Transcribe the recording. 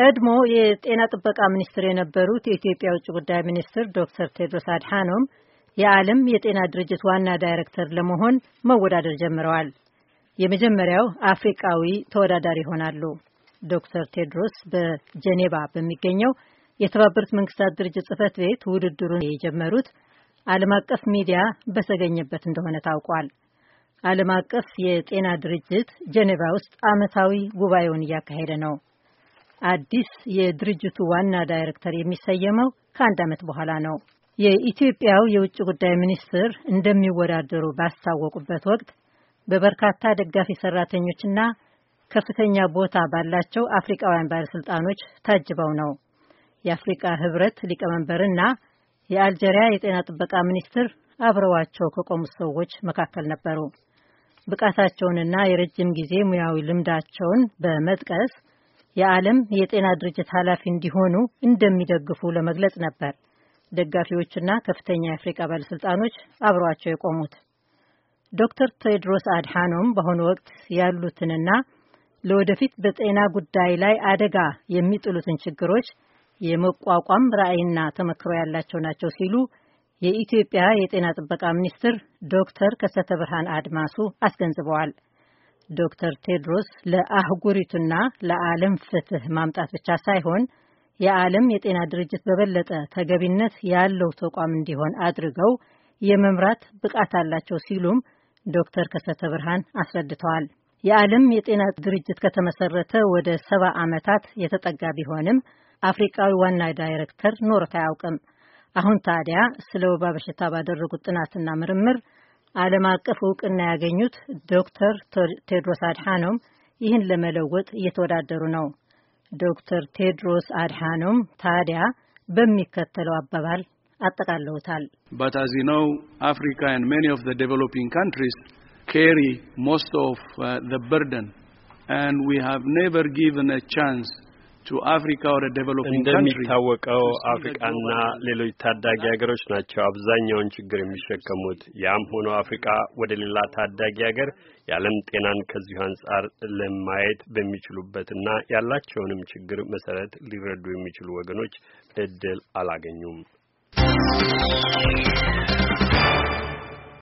ቀድሞ የጤና ጥበቃ ሚኒስትር የነበሩት የኢትዮጵያ ውጭ ጉዳይ ሚኒስትር ዶክተር ቴድሮስ አድሓኖም የዓለም የጤና ድርጅት ዋና ዳይሬክተር ለመሆን መወዳደር ጀምረዋል። የመጀመሪያው አፍሪቃዊ ተወዳዳሪ ይሆናሉ። ዶክተር ቴድሮስ በጀኔቫ በሚገኘው የተባበሩት መንግስታት ድርጅት ጽህፈት ቤት ውድድሩን የጀመሩት ዓለም አቀፍ ሚዲያ በተገኘበት እንደሆነ ታውቋል። ዓለም አቀፍ የጤና ድርጅት ጀኔቫ ውስጥ ዓመታዊ ጉባኤውን እያካሄደ ነው። አዲስ የድርጅቱ ዋና ዳይሬክተር የሚሰየመው ከአንድ ዓመት በኋላ ነው። የኢትዮጵያው የውጭ ጉዳይ ሚኒስትር እንደሚወዳደሩ ባስታወቁበት ወቅት በበርካታ ደጋፊ ሰራተኞችና ከፍተኛ ቦታ ባላቸው አፍሪካውያን ባለስልጣኖች ታጅበው ነው። የአፍሪካ ህብረት ሊቀመንበርና የአልጀሪያ የጤና ጥበቃ ሚኒስትር አብረዋቸው ከቆሙት ሰዎች መካከል ነበሩ። ብቃታቸውንና የረጅም ጊዜ ሙያዊ ልምዳቸውን በመጥቀስ የዓለም የጤና ድርጅት ኃላፊ እንዲሆኑ እንደሚደግፉ ለመግለጽ ነበር ደጋፊዎችና ከፍተኛ የአፍሪካ ባለሥልጣኖች አብረዋቸው የቆሙት። ዶክተር ቴድሮስ አድሃኖም በአሁኑ ወቅት ያሉትንና ለወደፊት በጤና ጉዳይ ላይ አደጋ የሚጥሉትን ችግሮች የመቋቋም ራዕይና ተመክሮ ያላቸው ናቸው ሲሉ የኢትዮጵያ የጤና ጥበቃ ሚኒስትር ዶክተር ከሰተ ብርሃን አድማሱ አስገንዝበዋል። ዶክተር ቴድሮስ ለአህጉሪቱና ለዓለም ፍትህ ማምጣት ብቻ ሳይሆን የዓለም የጤና ድርጅት በበለጠ ተገቢነት ያለው ተቋም እንዲሆን አድርገው የመምራት ብቃት አላቸው ሲሉም ዶክተር ከሰተ ብርሃን አስረድተዋል። የዓለም የጤና ድርጅት ከተመሰረተ ወደ ሰባ ዓመታት የተጠጋ ቢሆንም አፍሪቃዊ ዋና ዳይሬክተር ኖሮት አያውቅም። አሁን ታዲያ ስለ ወባ በሽታ ባደረጉት ጥናትና ምርምር አለም አቀፍ እውቅና ያገኙት ዶክተር ቴድሮስ አድሃኖም ይህን ለመለወጥ እየተወዳደሩ ነው። ዶክተር ቴድሮስ አድሃኖም ታዲያ በሚከተለው አባባል አጠቃለውታል። በት አዝ አፍሪካ ን ሜኒ ኦፍ ዘ ዴቨሎፒንግ ካንትሪስ ካሪ ሞስት ኦፍ ዘ በርደን ኤንድ ዊ ኔቨር ጊቨን ቻንስ እንደሚታወቀው አፍሪቃና ሌሎች ታዳጊ ሀገሮች ናቸው አብዛኛውን ችግር የሚሸከሙት። ያም ሆኖ አፍሪቃ ወደ ሌላ ታዳጊ ሀገር የዓለም ጤናን ከዚሁ አንጻር ለማየት በሚችሉበትና ያላቸውንም ችግር መሰረት ሊረዱ የሚችሉ ወገኖች እድል አላገኙም።